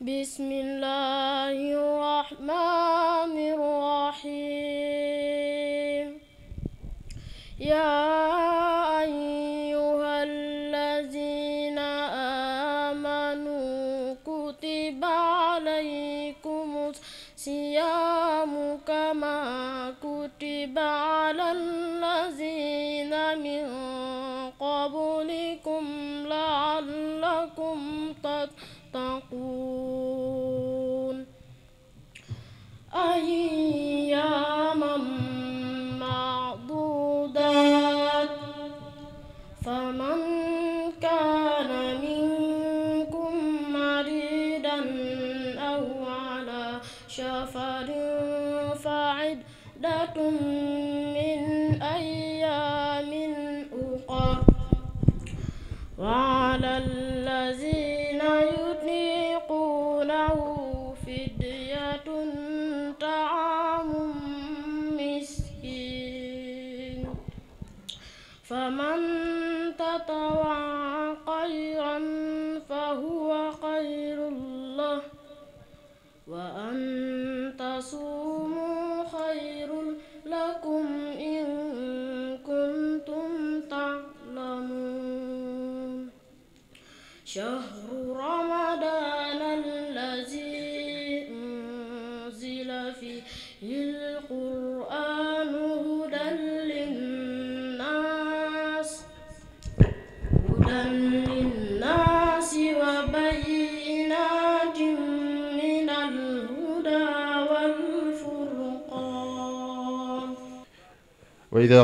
بسم الله الرحمن الرحيم يا أيها الذين آمنوا كتب عليكم الصيام كما كتب على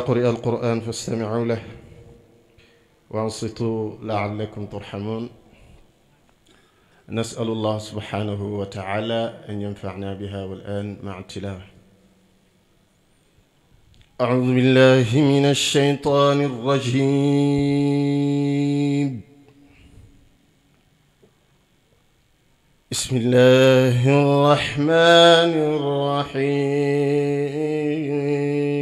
قرئ القرآن فاستمعوا له وأنصتوا لعلكم ترحمون نسأل الله سبحانه وتعالى أن ينفعنا بها والآن مع التلاوة أعوذ بالله من الشيطان الرجيم بسم الله الرحمن الرحيم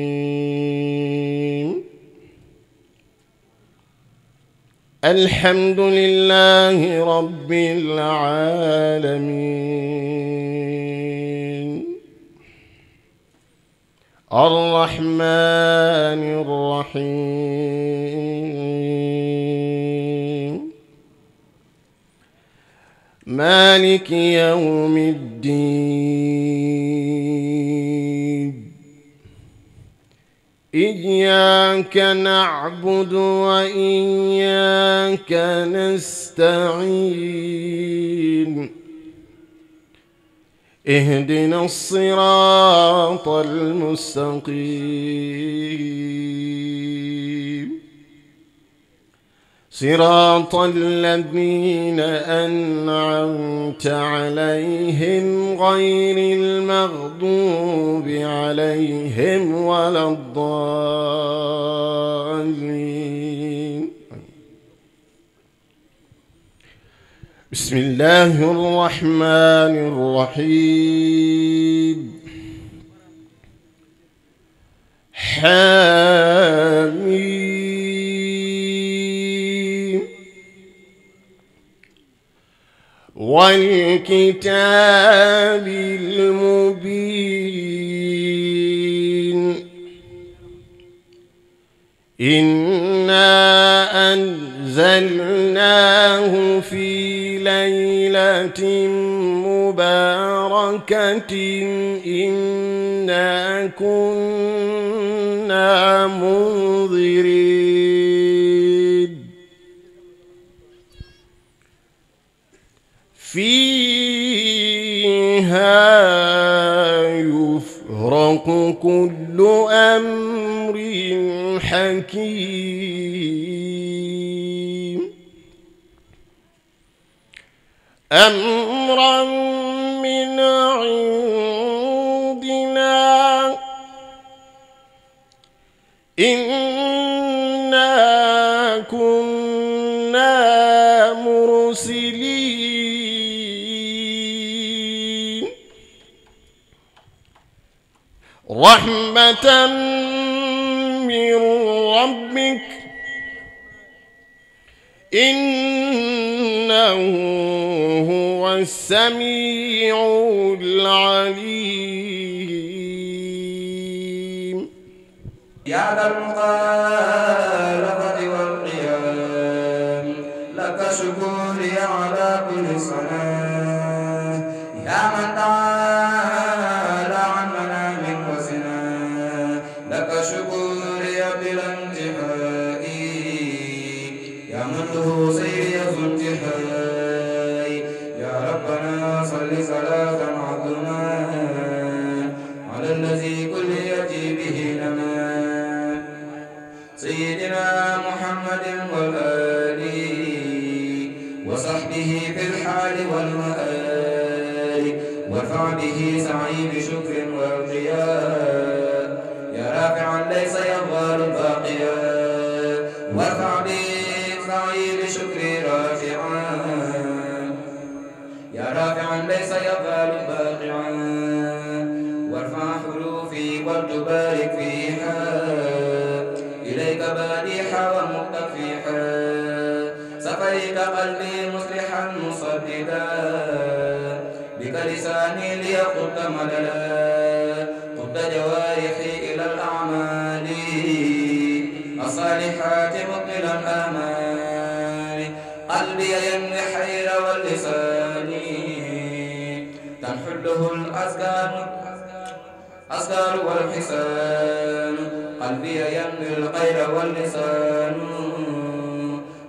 الحمد لله رب العالمين الرحمن الرحيم مالك يوم الدين إياك نعبد وإياك نستعين اهدنا الصراط المستقيم صراط الذين أنعمت عليهم غير المغضوب عليهم ولا الضالين بسم الله الرحمن الرحيم حال والكتاب المبين إنا أنزلناه في ليلة مباركة إنا كنا منذرين يفرق كل أمر حكيم أمرا من عندنا إن رحمة من ربك إنه هو السميع العليم يا ذا المخالفة والقيام لك شكوري على كل صلاة يا من تعالى لي قد مددا قد جوارحي إلى الأعمال الصالحات مطل الآمال قلبي ينمي حير واللسان تنحله الأذكار أسكار والحسان قلبي ينمي الغير واللسان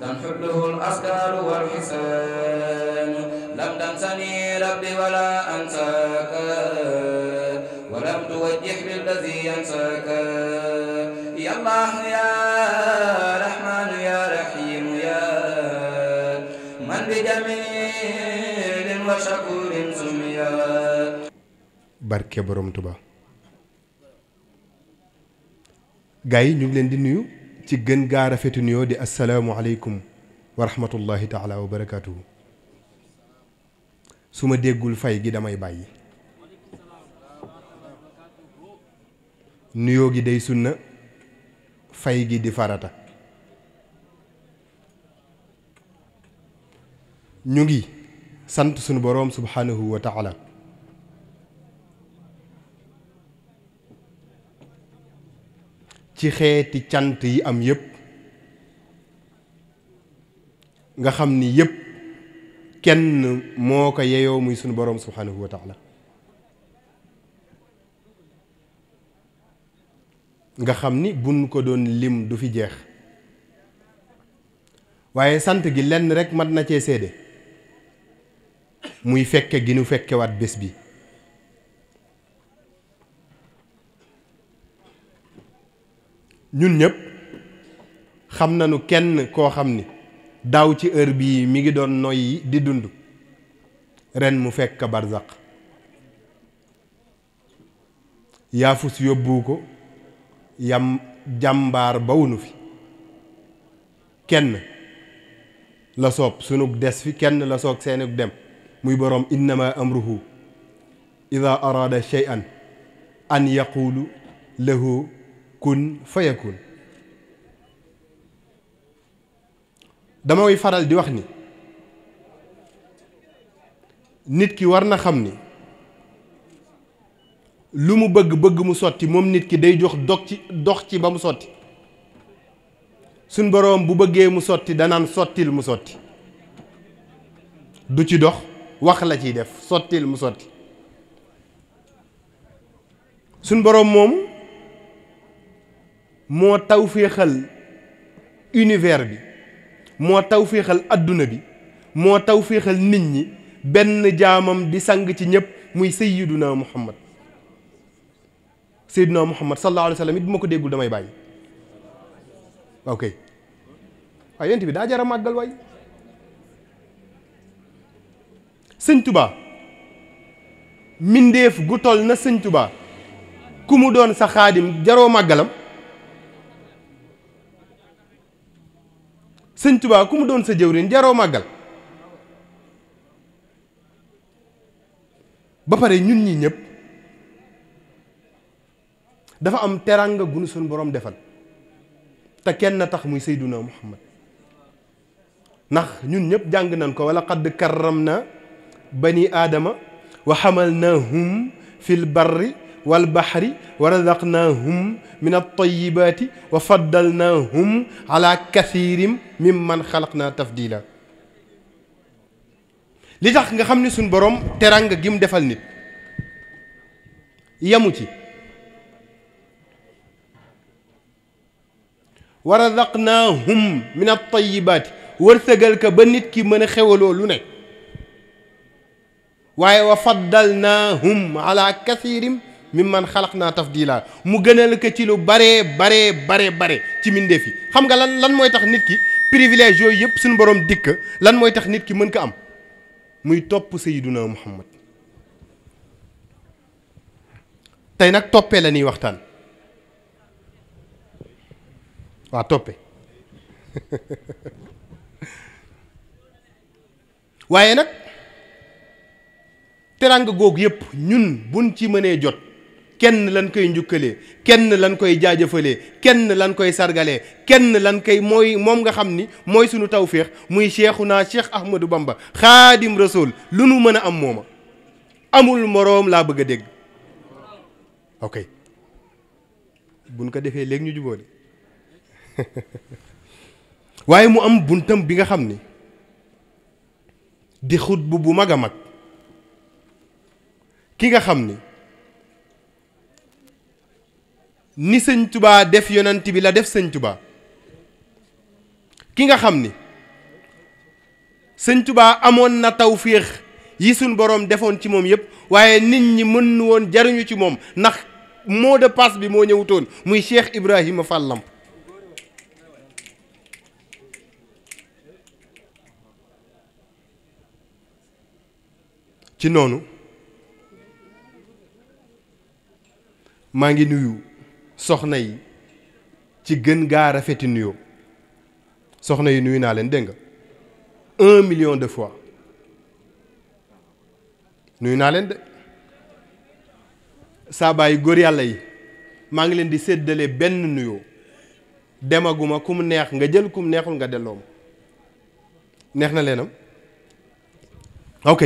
تنحله الأسكار والحسان أنساني ربي ولا أنساك ولم توجه للذي ينساك يا الله يا رحمن يا رحيم يا من بجميل وشكور سميا barke borom Tuba gaa yi ñu ngi leen di nuyu ci gën gaa rafetu nuyoo di asalaamualeykum wa rahmatullahi taala wa barakaatuhu su ma déggul fay gi damay bàyyi nuyoo gi day sunna fay gi di farata ñu ngi sant sunu boroom subhanahu wa ci xeeti cant yi am yépp nga xam ni yépp kenn moo ko yeyoo muy sunu boroom subhanahu wa taala nga xam ni buñ ko doon lim du fi jeex waaye sant gi lenn rek mat na cee seede muy fekke gi nu fekkewaat bés bi ñun ñépp xam nañu kenn koo xam ni daaw ci heure bii mi ngi doon noyyi di dund ren mu fekk barzaq yaafus yóbbu ko yam jàmbaar bawunu fi kenn la soob sunug des fi kenn la soog seenug dem muy boroom innama amruhu ida arada shay'an an yaqulu lahu kun fayakun damay faral di wax ni nit ki war na xam ni lu mu bëgg bëgg mu sotti moom nit ki day jox dog ci dox ci ba mu sotti suñ boroom bu bëggee mu sotti danaan sottil mu sotti du ci dox wax la ciy def sottil mu sotti suñ boroom moom moo tawféexal univers bi moo taw féexal adduna bi moo taw féexal nit ñi benn jaamam di sang ci ñëpp muy sayyiduna muhammad sayyiduna muhammad sallallahu alayhi wa sallam it bu ko déggul damay bàyyi ok waaye yent bi daa jara màggal waay sëñ tubaa mbindéef gu toll na sëñ tubaa ku mu doon sa xaadim jaroo màggalam sëñ tubaa ku mu doon sa jëwriñ jaroo màggal ba pare ñun ñi ñëpp dafa am teranga gunu suñu borom defal te kenn tax muy Seyduna Muhammad ndax ñun ñëpp jàng nañ ko wala xadd karram na bani aadama waxamal xamal naahum fil barri wal baxri wa razaqnaahum min altayibaati wa faddalnaahum ala kathirim mimman xalaqna tafdila li tax nga xam ne suñ borom gi mu defal nit yamu ci wa razaqnaahum min altayibaati wërsëgal ka ba nit ki mën a xewaloo lu ne waaye wa faddalnaahum ala kathirim mi man xalaq naa taf diilaa mu gënal ko ci lu baree bare baree bare ci mbindeef yi xam nga lan lan mooy tax nit ki privilège yooyu yëpp suñu boroom dikk lan mooy tax nit ki mën ko am muy topp Sayyiduna Muhammad tey nag toppee la waxtaan waa toppee waaye nag teranga googu yëpp ñun buñ ci mënee jot kenn lan koy njukkalee kenn lan koy jaajëfalee kenn lan koy sargale kenn lan koy mooy moom nga xam ni mooy sunu tawféex muy Cheikhuna Cheikh Ahmadou Bamba xaadim rasul lu nu mën a am mooma amul moroom laa bëgg a dégg ok buñ ko defee léegi ñu jubóole waaye mu am buntam bi nga xam ni di xutbu bu mag a mag ki nga xam ni ni sëñ tubaa def yonant bi la def sëñ tubaa ki nga xam ni sëñ tubaa amoon na tawféex yi suñ boroom defoon ci moom yépp waaye nit ñi mën woon jariñu ci moom ndax mot de passe bi moo ñëwutoon muy Cheikh Ibrahima Fall Lamp ci noonu maa ngi nuyu soxna yi ci gën gaa rafeti nuyoo soxna yi nuyu naa leen dégg nga un million de fois nuyu naa leen de saabaa góor yàlla yi maa ngi leen di séddale benn nuyoo demaguma ku mu neex nga jël ku mu neexul nga delloo ma neex na leenam ok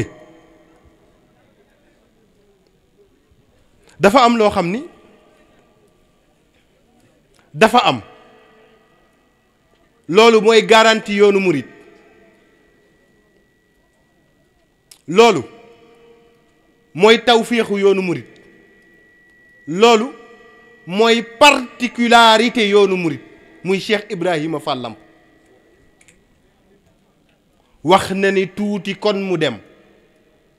dafa am loo xam ni dafa am loolu mooy garantie yoonu murit loolu mooy tawféexu yoonu murit loolu mooy particularité yoonu murit muy Cheikh Ibrahima Fallam wax na ni tuuti kon mu dem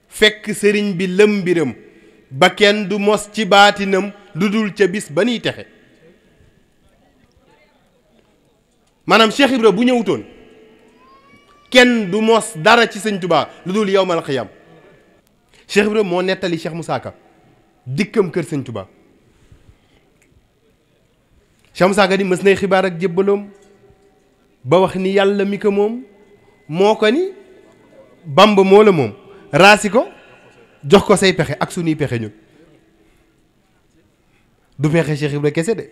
fekk sëriñ bi lëmbiram ba kenn du mos ci baatinam lu dul ca bis ba nuy texe maanaam Cheikh Ibra bu ñëwutoon kenn du mos dara ci sëñ Tuubaa lu dul yawmal xiyaam Cheikh Ibra moo nettali Cheikh Moussa Ka dikkam kër sëñ Tuubaa Cheikh Moussa Ka mës nay xibaar ak jébbaloom ba wax ni yàlla mi ko moom moo ko ni Bamba moo la moom raasi ko jox ko say pexe ak sunuy pexe ñun du pexe Cheikh kese de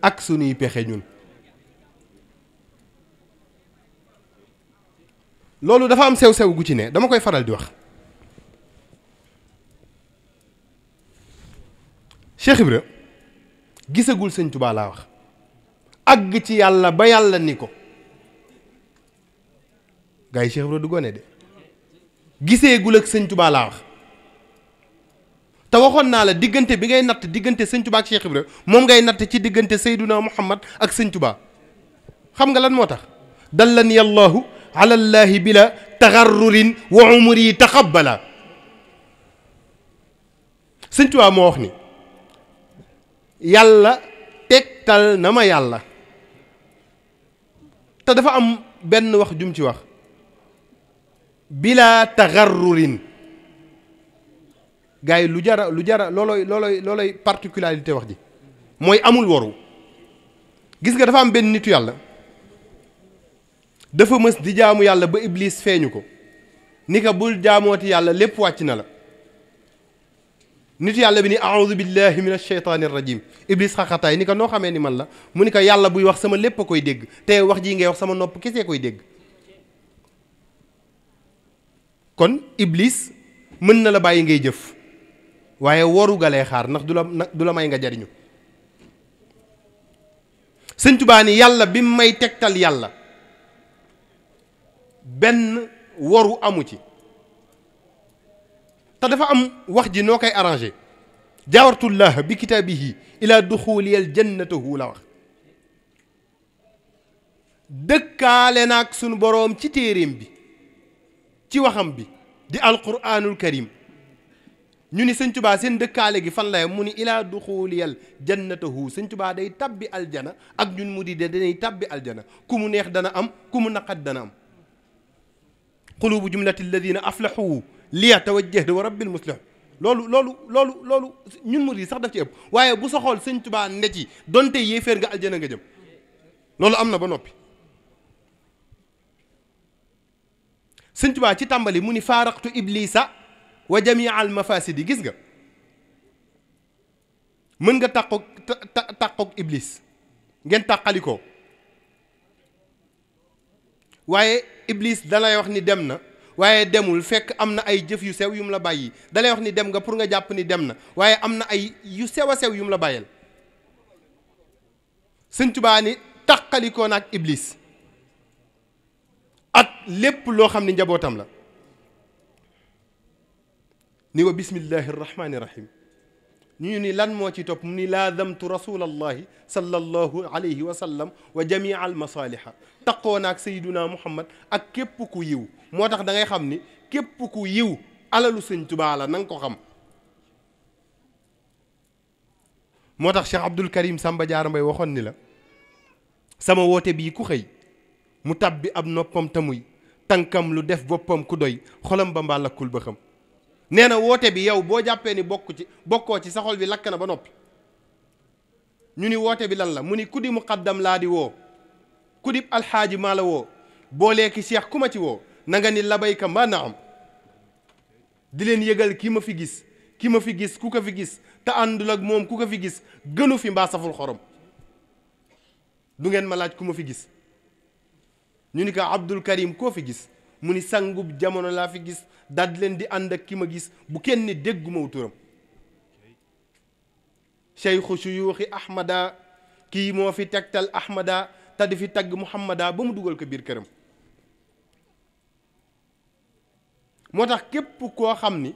ak sunuy pexe ñun loolu dafa am sew-sew gu ci nee dama koy faral di wax Cheikh Ibra gisagul sëñ Tuubaa laa wax àgg ci yàlla ba yàlla ni ko gars yi Cheikh du gone de giseegul ak sëñ Tuubaa laa wax te waxoon naa la diggante bi ngay natt diggante sëñ Tuubaa ak Cheikh Ibra moom ngay natt ci diggante Seyduna Muhammad ak sëñ Tuubaa xam nga lan moo tax la Allahu alallaahi bila la taxarrurin wa umri yi taxabbala sëñ moo wax ni yàlla tegtal na ma yàlla te dafa am benn wax jum ci wax bila taxarrurin gars yi lu jara lu jara loolooy loolooy loolooy wax ji mooy amul waru gis nga dafa am benn nitu yàlla dafa mës di jaamu yàlla ba iblis feeñu ko ni ko bul jaamooti yàlla lépp wàcc na la nit yàlla bi ni aoudu billahi min asheytaani rajim iblis xaxataay ni ko noo xamee ni man la mu ni ko yàlla buy wax sama lépp a koy dégg te wax ji ngay wax sama nopp kesee koy dégg kon iblis mën na la bàyyi ngay jëf waaye waru galee xaar ndax du la du la may nga jariñu sëñ yàlla bi mu may tegtal yàlla benn waru amu ci te dafa am wax ji noo koy arrangé jaawartullah bi kitaabihi ila duxuliyal jannatahu la wax dëkkaale naag sunu boroom ci téeréem bi ci waxam bi di alquranul karim ñu ni sëñ tubaa seen dëkkaale gi fan lay mu ni ilaa duxuliyal jannatahu sëñ tubaa day tàbbi aljana ak ñun mu di de danay tàbbi aljana ku mu neex dana am ku mu naqat dana am qulubu jumlati alladina aflahu liyatawajjah wa rabbil muslihu loolu loolu loolu loolu ñun murid yi sax daf ci ëpp waaye bu sa xool sëñ tubaa ne ci donte yéeféer nga aljana nga jëm loolu am na ba noppi sëñ ci tàmbali mu ni faaraqtu iblisa wa jamia al mafasidi gis nga mën nga tàqoog tàqoog iblis ngeen ko waaye Iblis dalay wax ni dem na waaye demul fekk am na ay jëf yu sew yu mu la bàyyi dalay wax ni dem nga pour nga jàpp ni dem na waaye am na ay yu sew a sew yu mu la bàyyeel Sëñ Tuubaa ni tàqalikoo ak Iblis at lépp loo xam ni njabootam la ni wa bismillaahi rahmaani rahim ñu ni lan moo ci topp mu ni laazamtu rasulallahi sallallahu alayhi wa sallam wa jamia al masaliha ak naak sayduna muhammad ak képp ku yiw moo tax da ngay xam ni képp ku yiw alalu sëñ tubaa la na ko xam moo tax Cheikh Abdul Karim Samba Diarra Mbaye waxoon ni la sama woote bii ku xëy mu tabbi ab noppam tamuy tànkam lu def boppam ku doy xolam ba mbàllakul ba xam nee na woote bi yow boo jàppee ni bokk ci bokkoo ci sa xol bi lakk na ba noppi ñu ni woote bi lan la mu ni ku di muqaddam laa di woo ku di alxaaji maa la woo boolee ki seex ku ma ci woo nanga ni labayka ma mbana am di leen yëgal kii ma fi gis ki ma fi gis ku ko fi gis te àndul ak moom ku ko fi gis gënu fi mbaa saful xorom du ngeen ma laaj ku ma fi gis ñu ni ko Abdul Karim koo fi gis mu ni sangub jamono laa fi gis daal leen di ànd ak ki ma gis bu kenn dégguma wuturam cheikhu suyuuxi ahmada kii moo fi tagtal ahmada te di fi tagg muhammada ba mu dugal ko biir këram moo tax képp koo xam ni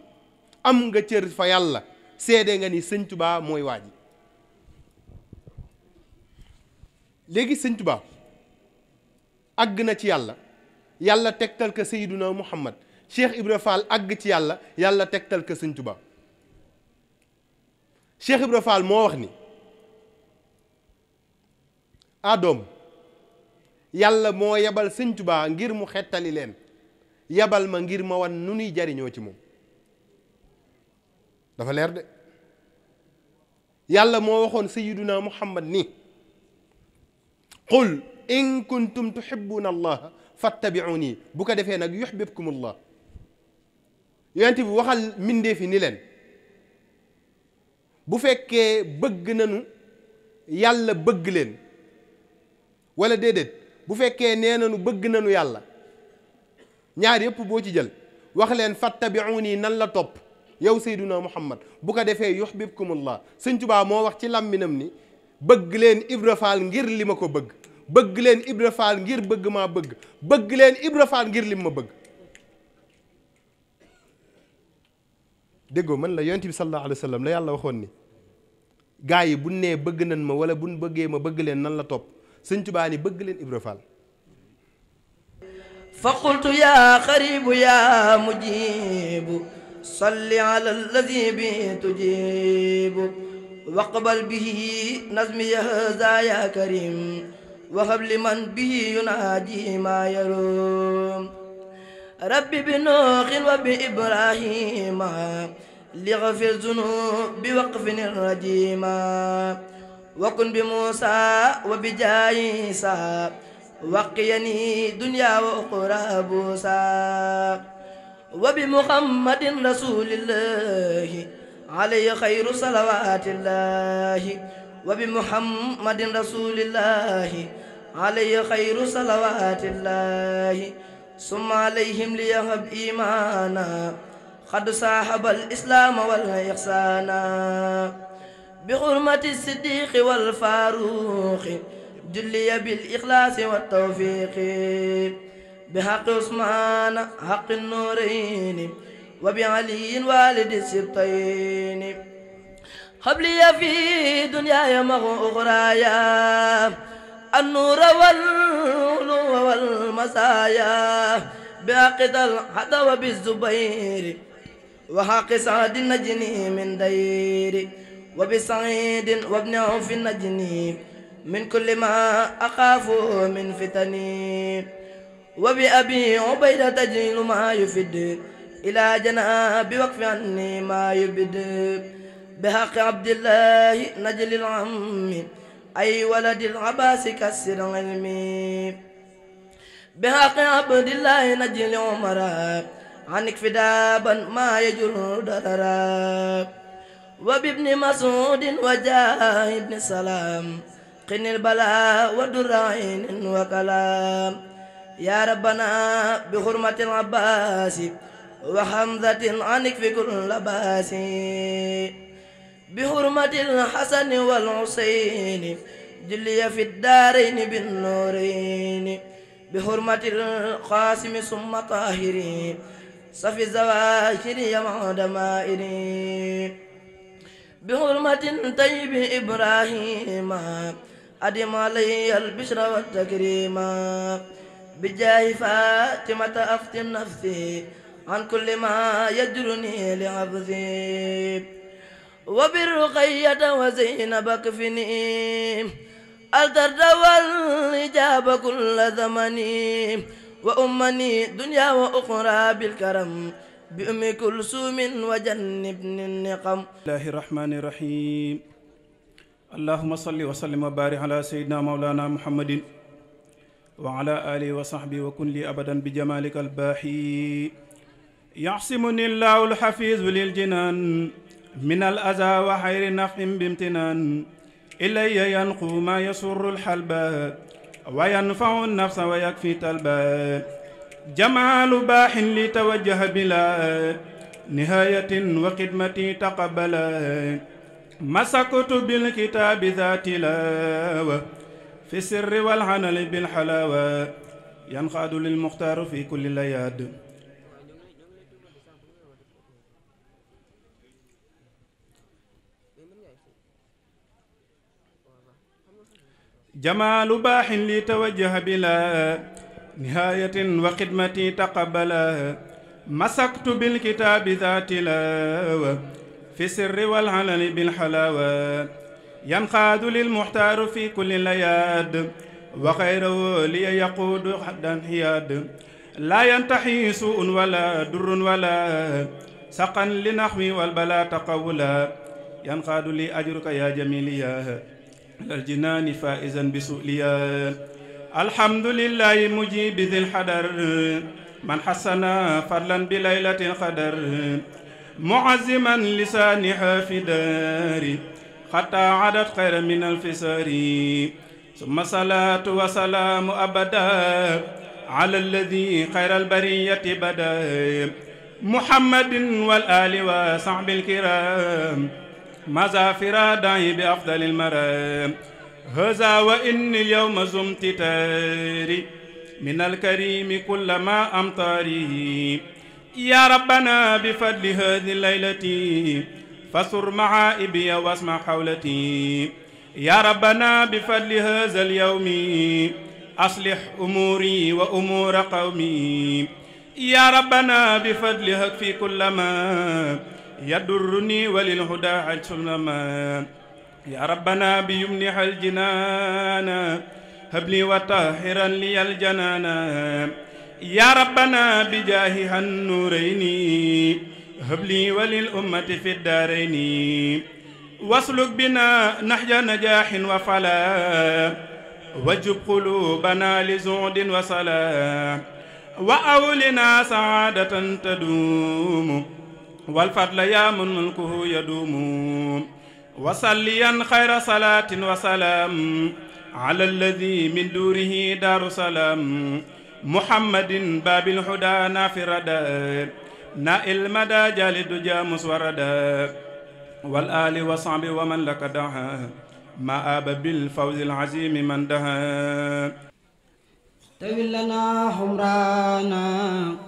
am nga cër fa yàlla seede nga ni sëñ tubaa mooy waa ji léegi sëñ tubaa àgg na ci yàlla yàlla tegtal ko Seydina Muhammad Cheikh Ibra Fall àgg ci yàlla yàlla tegtal ko Sëñ Tuubaa Ibra Fall moo wax ni adoom yàlla moo yebal Sëñ ngir mu xettali leen yebal ma ngir ma wan nu nuy jariñoo ci moom dafa leer de yàlla moo waxoon Seydina Muhammad ni qul in kuntum tuhibbuna allah fattabiuni bu ko defee nag yuhbibkumullah yonent bi waxal mbindeef yi ni leen bu fekkee bëgg nañu yàlla bëgg leen wala déedéet bu fekkee nee nanu bëgg nañu yàlla ñaar yëpp boo ci jël wax leen yi nan la topp yow sayduna muhammad bu ko defee yuhbibkumullah sëñ Tuubaa moo wax ci làmbinam ni bëgg leen Ibra Faal ngir li ma ko bëgg bëgg leen Ibra Fall ngir bëgg maa bëgg bëgg leen Ibra Fall ngir lim ma bëgg déggoo man la yonent bi sallallahu alayhi wa sallam la yàlla waxoon ni gaa yi bu nee bëgg nan ma wala buñ bëggee ma bëgg leen nan la topp sëñ Tuubaa ni bëgg leen Ibra Fall fa qultu yaa xaribu yaa mujibu salli ala alladi bi tujibu waqbal bihi nazmi ya karim وهب لمن به ينادي ما يروم رب بنوخ وبإبراهيم لغفر ذنوب وقف الرجيم وكن بموسى وبجايسى وقيني دنيا وأخرى بوسى وبمحمد رسول الله عليه خير صلوات الله wa bi muhammadin rasulillahi alayhi khayru salawatillahi summa alayhim liyahab imana qad sahaba al islam wal ihsana bi hurmati siddiq wal faruq julliya bil ikhlasi wat tawfiq بحق عثمان حق النورين وبعلي والد السبطين xabliya fi dunyaaya maxu uxraaya annuura wal uluwa wal masaaya bi aqital hada wa bi zubayri wa haqi saadi najni min dayri wa bi saidin wa bni awfi najni min kulli ma axaafu min fitani wa bi abi ubayda tajnilu ma yufid ila janabi waqfi anni ma yubid بحق عبد الله نجل العم أي ولد العباس كسر علمي بحق عبد الله نجل عمر عنك فدابا ما يجر دررا وبابن مسعود وجاه ابن سلام قن البلاء ودر عين وكلام يا ربنا بحرمة العباس وحمزة عنك في كل لباس bi hurmatil hasani wal husayni julliya fi daarayni bin nuurayni bi hurmatil qaasimi summa taahiri safi zawaahiri yamada maa'iri bi hurmatin tayyibi ibrahima adim alayya albishra wattakrima bi jaahi fatimata afti nafsi an kulli ma yajruni li abdi وبرقية وزينبك فيني التردوى الإجابة كل زمني وأمني دنيا وأخرى بالكرم بأم كلثوم وجنبني النقم الله الرحمن الرحيم اللهم صل وسلم وبارك على سيدنا مولانا محمد وعلى آله وصحبه وكن لي أبدا بجمالك الباحي يعصمني الله الحفيظ للجنان من الأذى وحير نفع بامتنان إلي ينقو ما يسر الحلب وينفع النفس ويكفي تلبا جمال باح لتوجه بلا نهاية وخدمتي تقبلا مسكت بالكتاب ذات لاوة في السر والعنل بالحلاوة ينقاد للمختار في كل لياد jamaalu baaxin li tawajjaha bila nihaayatin wa xidmati taqabala masaktu bil kitaabi daati laawa fi sirri wal alani bil xalaawa yanqaadu lil muxtaaru fi kulli layaad wa xayrahu li yaquudu xaddan xiyaad laa yantaxi suun wala durrun wala saqan li naxwi wal balaa taqawula yanqaadu li ajruka yaa jamiliya الجنان فائزا بسؤليا الحمد لله مجيب ذي الحدر من حسنا فضلا بليلة القدر معزما لسانها في داري حتى عدت خير من الفسار ثم صلاة وسلام أبدا على الذي خير البرية بدا محمد والآل وصحب الكرام مزى فرادا بأفضل المرام هذا وإني اليوم زمت تاري من الكريم كل ما أمطاري يا ربنا بفضل هذه الليلة فسر معائبي واسمع حولتي يا ربنا بفضل هذا اليوم أصلح أموري وأمور قومي يا ربنا بفضلك في كل ما يدرني وللهدى عجلما يا ربنا بيمنح الجنان هب لي وطاهرا لي الجنان يا ربنا بجاه النورين هب لي وللأمة في الدارين واسلك بنا نحج نجاح وفلا وجب قلوبنا لزعد وصلاة وأولنا سعادة تدوم والفضل يا من ملكه يدوم وصليا خير صلاة وسلام على الذي من دوره دار سلام محمد باب الهدى نافردا نائل المدى جالد جامس وردا والآل وصعب ومن لك دعا ما آب بالفوز العظيم من دها تولنا حمرانا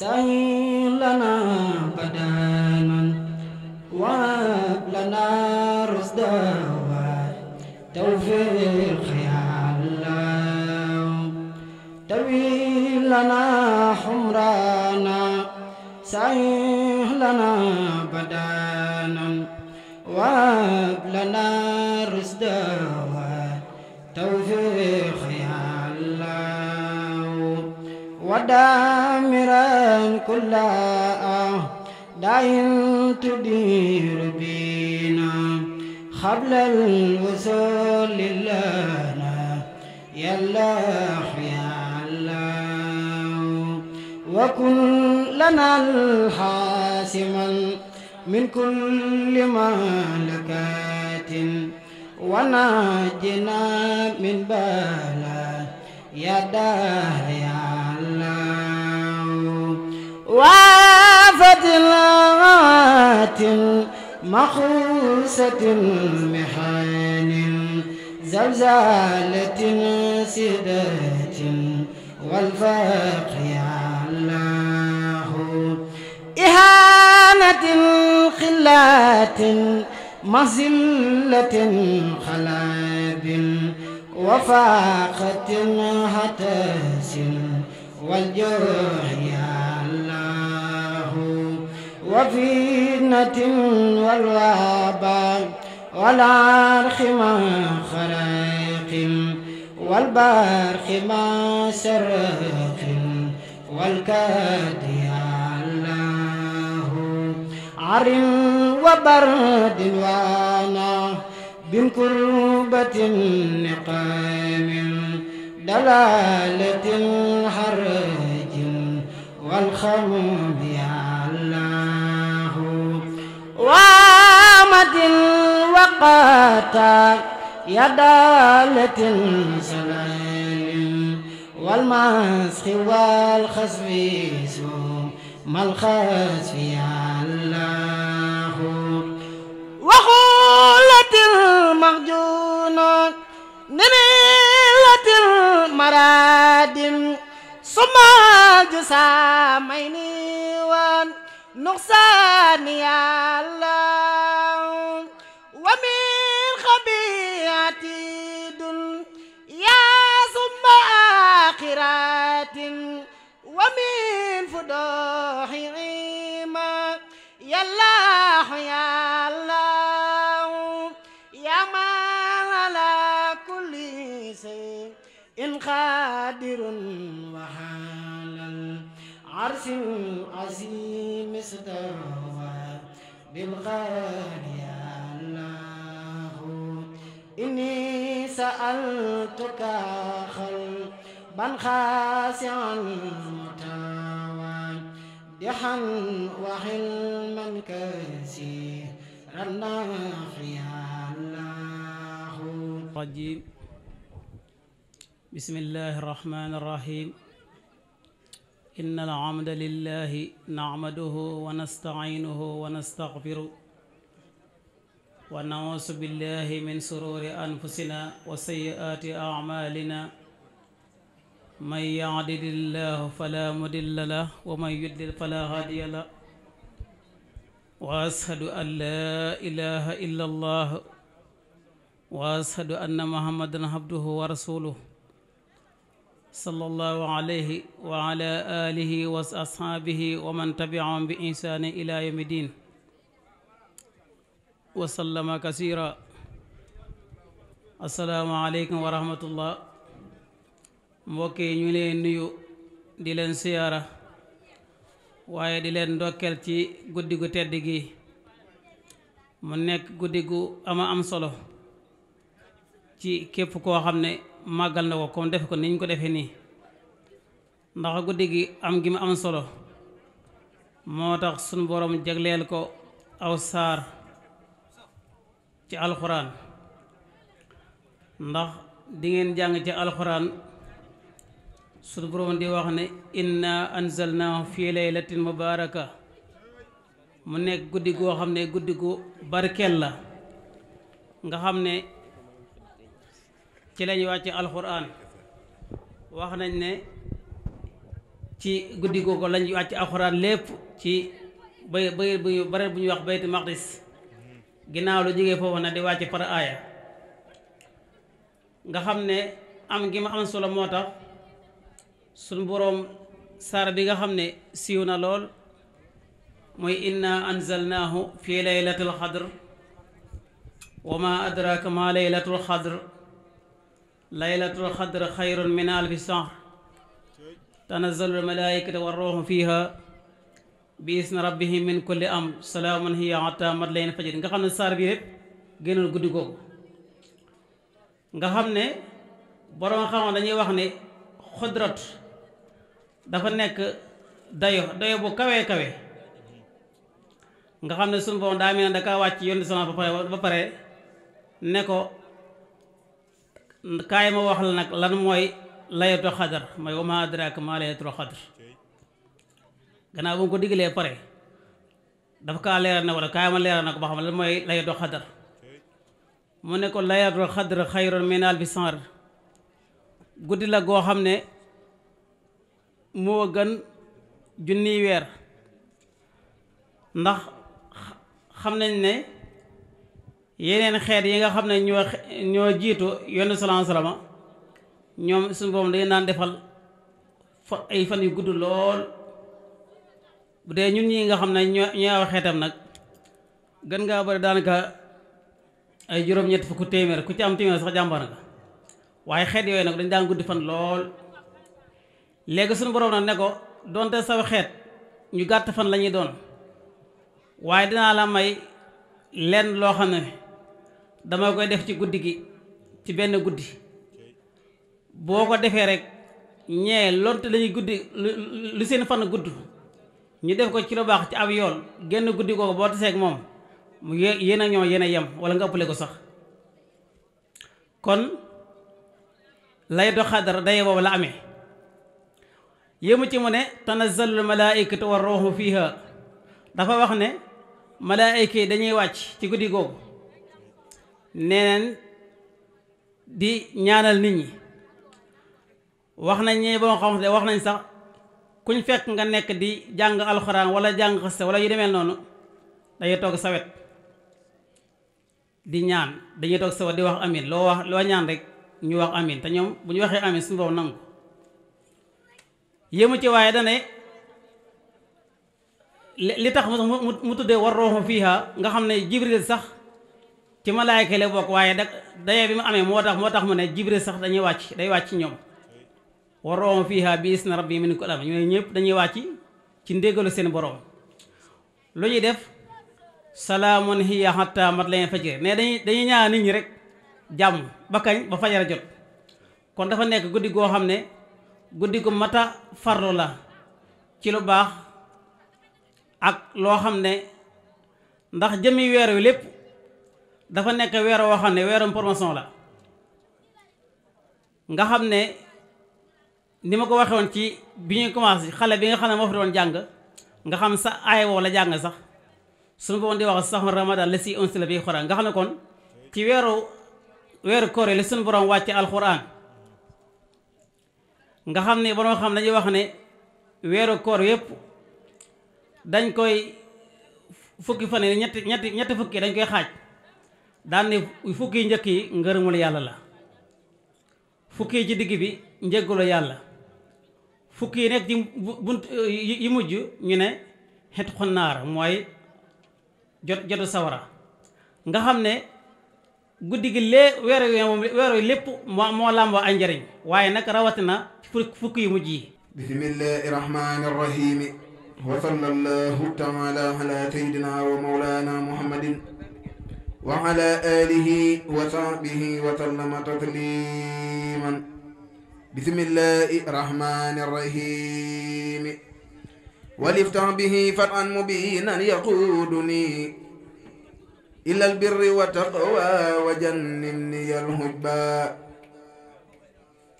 سهل لنا قداما وهب لنا رشدا وتوفيق يا الله طويل لنا حمرانا سهل لنا بدانا وهب لنا رشدا وتوفيق يا الله ودا كل داع تدير بينا قبل الوصول لنا يا الله يا الله وكن لنا الحاسما من كل مهلكات وناجنا من بلا يا داهيان وافت الغات مخوسة محان زلزالة سدات والفاقية الله إهانة خلات مزلة خلاب وفاقة هتاس والجرح يا وفينة والوابا والعرخ مع خرائق والبرق مع سرق والكادي الله عر وبرد وانا بن كربة نقام دلالة حرج والخمم يا وامة وقاتا يدالة سليل والمسخ والخسف ثم الخسف الله وخولة المخجونة نميلة المرادم ثم الجسامين ونقصانية قراءة ومن فضوح عيما يا الله يا الله يا من على كل شيء إن قادر وحالا عرش عظيم استوى بالقهر يا الله إني سألتك بل خاسعا متواجحا وحلما كثيرا نافعا الله الرجيم بسم الله الرحمن الرحيم إن الحمد لله نعمده ونستعينه ونستغفره ونعوذ بالله من سرور أنفسنا وسيئات أعمالنا من يعدل الله فلا مدل له ومن يدل فلا هادي له وأشهد أن لا إله إلا الله وأشهد أن محمدا عبده ورسوله صلى الله عليه وعلى آله وأصحابه ومن تبعهم بإحسان إلى يوم الدين وسلم كثيرا السلام عليكم ورحمة الله mbokk yi ñu leen nuyu di leen siyaara waaye di leen ndokkeel ci guddi gu tedd gi mu nekk guddi gu am a am solo ci képp koo xam ne màggal na ko comme def ko niñ ko defee nii ndax guddi gi am gi mu am solo moo tax sunu borom jagleel ko aw saar ci alxuraan ndax di jàng ci alxuraan suñu boroom di wax ne inna anzalnaahu fii laylatin mubaaraka mu nekk guddi goo xam ne guddi gu barkeel la nga xam ne ci lañuy wàcce alxuraan wax nañ ne ci guddi googu lañu wàcce alxuraan lépp ci bay bay bu ñu bare bu ñu wax bayti maqdis ginnaaw lu jógee foofu nag di wàcce par aaya nga xam ne am gi ma am solo moo tax sunu boroom saar bi nga xam ne siiw na lool mooy inna anzalnaahu fi laylatul xadr wa ma adraka ma laylatul xadr laylatul xadr xayrun min alfi tanazzalu almalaikatu war ruuhu fiha bi isni rabbihim min kulli amr salaamun hiya hatta matlayin fajr nga xam ne saar bi yépp génnal guddi googu nga xam ne boroom xam dañuy wax ne xudrat dafa nekk dayo dayo bu kawee kawe nga xam ne suñu borom daa mel ne da kaa wàcc yónni sama ba pare ba pare ne ko kaay ma wax la nag lan mooy layatu xadar mooy wa maa ko diglee kaa leeral ne wala kaay ma leeral na ba xam lan mooy layatu xadar mu ne ko layatu xadar xayrun min alfi sahr guddi la goo xam ne moo gën junniy weer ndax xam nañ ne yeneen xeet yi nga xam ne ñoo ñoo jiitu yonn salaam salaama ñoom suñu borom dañu naan defal fa ay fan yu gudd lool bu dee ñun yi nga xam ne ñoo ñoo xeetam nag gën ngaa bari daanaka ay juróom-ñett fukk téeméer ku ci am téeméer sax jàmbar nga waaye xeet yooyu nag dañ daan gudd fan lool léegi suñu borom na ne ko donte saw xeet ñu gàtt fan la ñuy doon waaye dinaa la may lenn loo xam ne dama koy def ci guddi gi ci benn guddi boo ko defee rek ñee lonte lañuy guddi lu seen fan gudd ñu def ko ci lu baax ci ab yool genn guddi googu boo tasee moom mu yéen a ñoo yéen a yem wala nga ëppale ko sax kon lay do xadar daye boobu la amee yému ci mu ne tanazalul malaikatu war ruuhu fiha dafa wax ne malaayika yi dañuy wàcc ci guddi googu neneen di ñaanal nit ñi wax nañ ñi ba ma xam wax nañ sax kuñ fekk nga nekk di jàng alxuraan wala jàng xaste wala yu demee noonu dañuy toog sawet di ñaan dañuy toog sawet di wax amin loo wax loo ñaan rek ñu wax amin te ñoom bu ñu waxee amin suñu borom nangu mu ci waaye dane li tax mu mu mu tuddee war rooxum fiiha nga xam ne jibril sax ci malaayka la bokk waaye da dayee bi mu amee moo tax moo tax mu ne jibril sax dañuy wàcc day wàcc ñoom war rooxum fiiha bi isna rabbi ni ko am ñu ne ñëpp dañuy wàcc ci ndégalu seen borom lu ñuy def salaamun hiya hatta mat lañuy fajir ne dañuy dañuy ñaan nit ñi rek jàmm ba kañ ba fajara jot kon dafa nekk guddi goo xam ne guddi ko mata farlu la ci lu baax ak loo xam ne ndax jëmmi weer wi lépp dafa nekk weer woo xam ne weeru promotion la nga xam ne ni ma ko waxee ci bi ñuy commencé xale bi nga xam ne moo fi doon jàng nga xam sa aaya woo la jàng sax suñu boon di wax sax ramadan la si unsi la bi xuraan nga xam ne koon ci weeru weeru kor yi la suñu borom wàcce alxuraan nga xam ne borom xam dañuy wax ne weeru koor yépp dañ koy fukki fan yi ñetti ñetti ñetti fukki dañ koy xaaj daan ne fukki yi njëkk yi ngërëmul yàlla la fukki yi ci digg bi njëggulu yàlla fukki yi nekk yi mujj ñu ne xet xonnaar mooy jot jotu sawara nga xam ne guddi gi lee weer wi moom weer wi lépp moo moo làmboo ay njëriñ waaye nag rawatina fukk yu mujj yi bismillahi rahmani rahim wa sallallahu taala ala sayidina wa mawlana muhammadin wa ala alihi wa sahbihi wa sallama tasliman bismillahi rahmani rahim waliftah bihi fatan mubinan yaquduni إلى البر والتقوى وجنبني الهجبا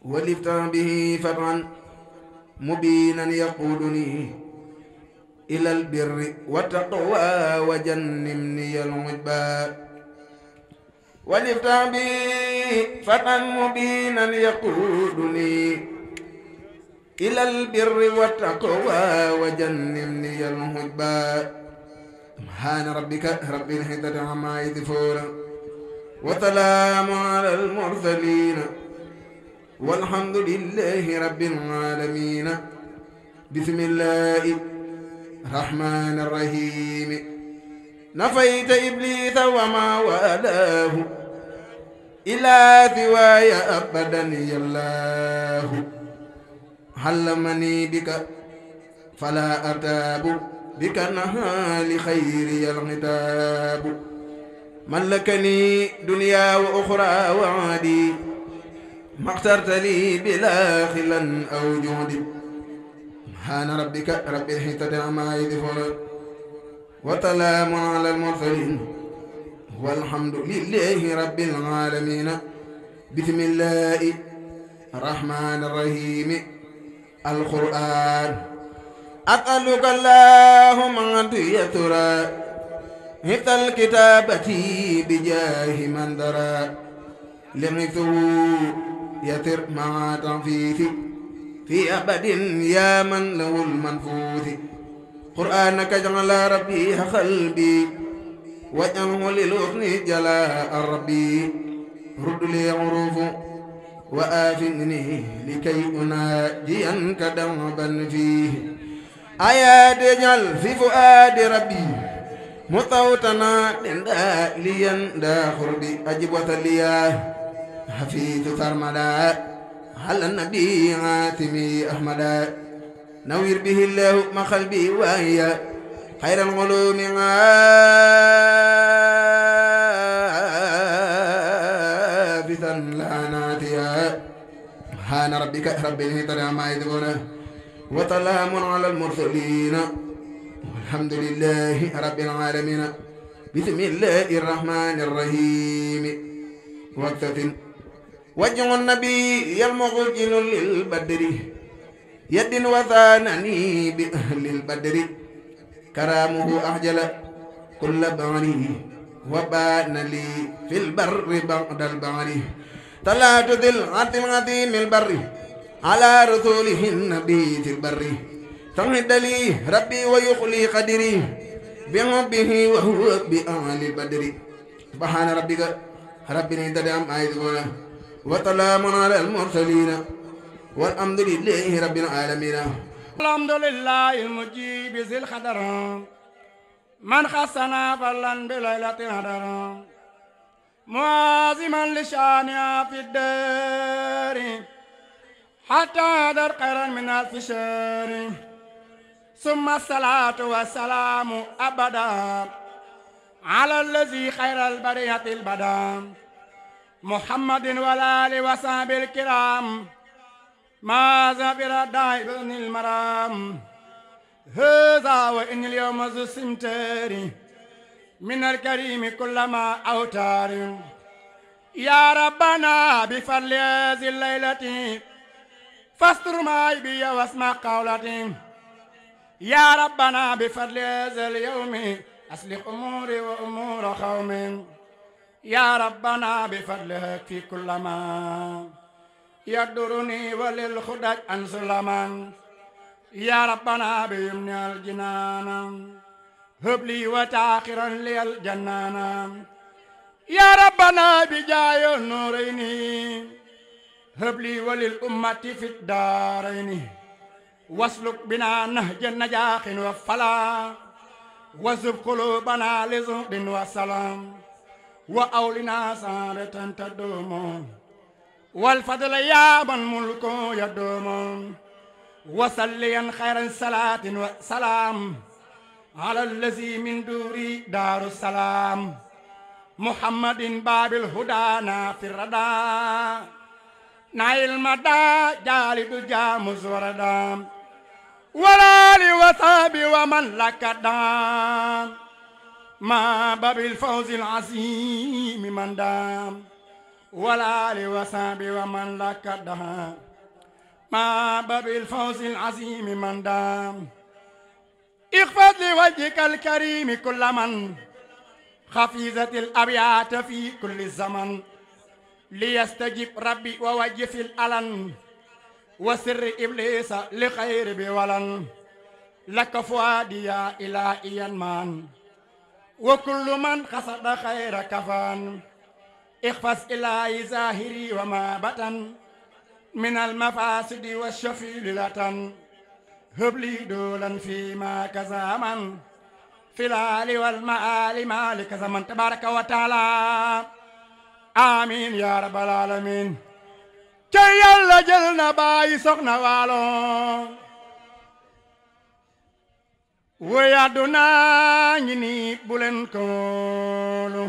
ولفتح به فتحا مبينا يقودني إلى البر والتقوى وجنبني الهجبا ولفتح به فتحا مبينا يقودني إلى البر والتقوى وجنبني الهجبا سبحان ربك رب العزة عما يصفون وسلام على المرسلين والحمد لله رب العالمين بسم الله الرحمن الرحيم نفيت إبليس وما والاه إلى سواي أبدا يا الله علمني بك فلا أتاب bi ka nahaali xayri yalxitaabu mallakani duniyaa wa uxraa wa aadi maxtartali bilaa xilan aw juudi subhaana rabbika rabbil izzati ammaa yasifuun wa salaamun alal mursaliin walhamdu lillaahi rabbil aalamiin bismillaahi rahmaani rahiim alquraan أسألك اللهم أن ترى مثل الكتابة بجاه من درى لمثه يتر مع تنفيذ في أبد يا من له المنفوذ قرآنك جعل ربي قلبي وأنه للأخن جلاء ربي رد لي عروف وآفني لكي أناجيا كدربا فيه أيا دجال في فؤاد ربي مطوتنا دندا لين دا خربي أجب وتليا حفيظ ترمدا على النبي عاتمي أحمدا نوير به الله ما قلبي وهي خير الغلوم عابثا لا ناتيا سبحان ربك رب العزة عما يصفون وسلام على المرسلين والحمد لله رب العالمين بسم الله الرحمن الرحيم واكتفن وجه النبي المغجل للبدر يد وثانني بأهل البدر كرامه أعجل كل بعره وبان لي في البر بعد البعر ثلاثة ذي العتم عظيم البر على رسوله النبي في البر تمهد لي ربي ويخلي قدري بحبه وهو بأعلى البدر سبحان ربك رب العزة عما يصفون وسلام على المرسلين والحمد لله رب العالمين الحمد لله مجيب ذي الخدر من خصنا فلن بليلة هدر معظما لشانها في الدار حتى در خيرا من ألف شهر ثم الصلاة والسلام أبدا على الذي خير البرية البدا محمد والآل وصحبه الكرام ما زفر الداعي بإذن المرام هذا وإن اليوم ذو سمتر من الكريم كلما أوتار يا ربنا بفضل هذه الليلة فاستر ما بي واسمع قولتي يا ربنا بفضل هذا اليوم أصلح أموري وأمور قومي يا ربنا بفضلك في كل ما يدرني وللخدج أن سلما يا ربنا بيمني الجنان هب لي وتاخرا لي الجنان يا ربنا بجاي النورين هبلي وللأمة في الدارين واسلك بنا نهج نجاح وفلا وزب قلوبنا لزهد وسلام وأولنا سارة تدوم والفضل يا من ملكه يدوم وصليا خير صلاة وسلام على الذي من دوري دار السلام محمد باب الهدى نافر الردى نايل مدى جالد جامس وردام ولال وصاب ومن لك دام ما باب الفوز العظيم من دام ولال وصاب ومن لك دام ما باب الفوز العظيم من دام اخفض لوجهك الكريم كل من خفيزة الأبيات في كل الزمن ليستجب ربي ووجه في الألن وسر إبليس لخير بولن لك فؤادي إلى إيمان وكل من قصد خير كفان اخفص إلى ظاهري وما بطن من المفاسد والشفيل لتن هب لي دولا فيما كزامن في العالي والمعالي مالك زمن تبارك وتعالى amiin yaa rabbal aalamiin ca yàlla jël na bàyyi soxna waalo woyaadu naa ñi ni bu leen ko wóolu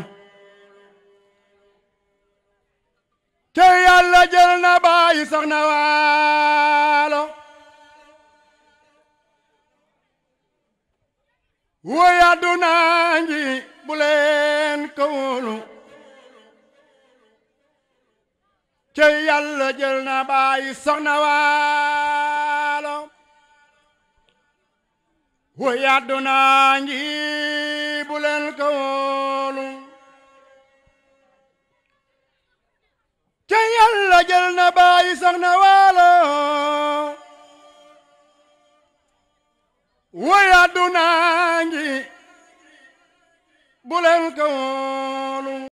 ca yàlla jël na bàyyi soxna waalo woyaadu naa ñi bu leen ko wóolu cey yàlla jël na bàyyi soxna waalo wu yàddu naa ngi bu leen cey yàlla jël na bàyyi soxna waalo wu yàddu naa ngi bu leen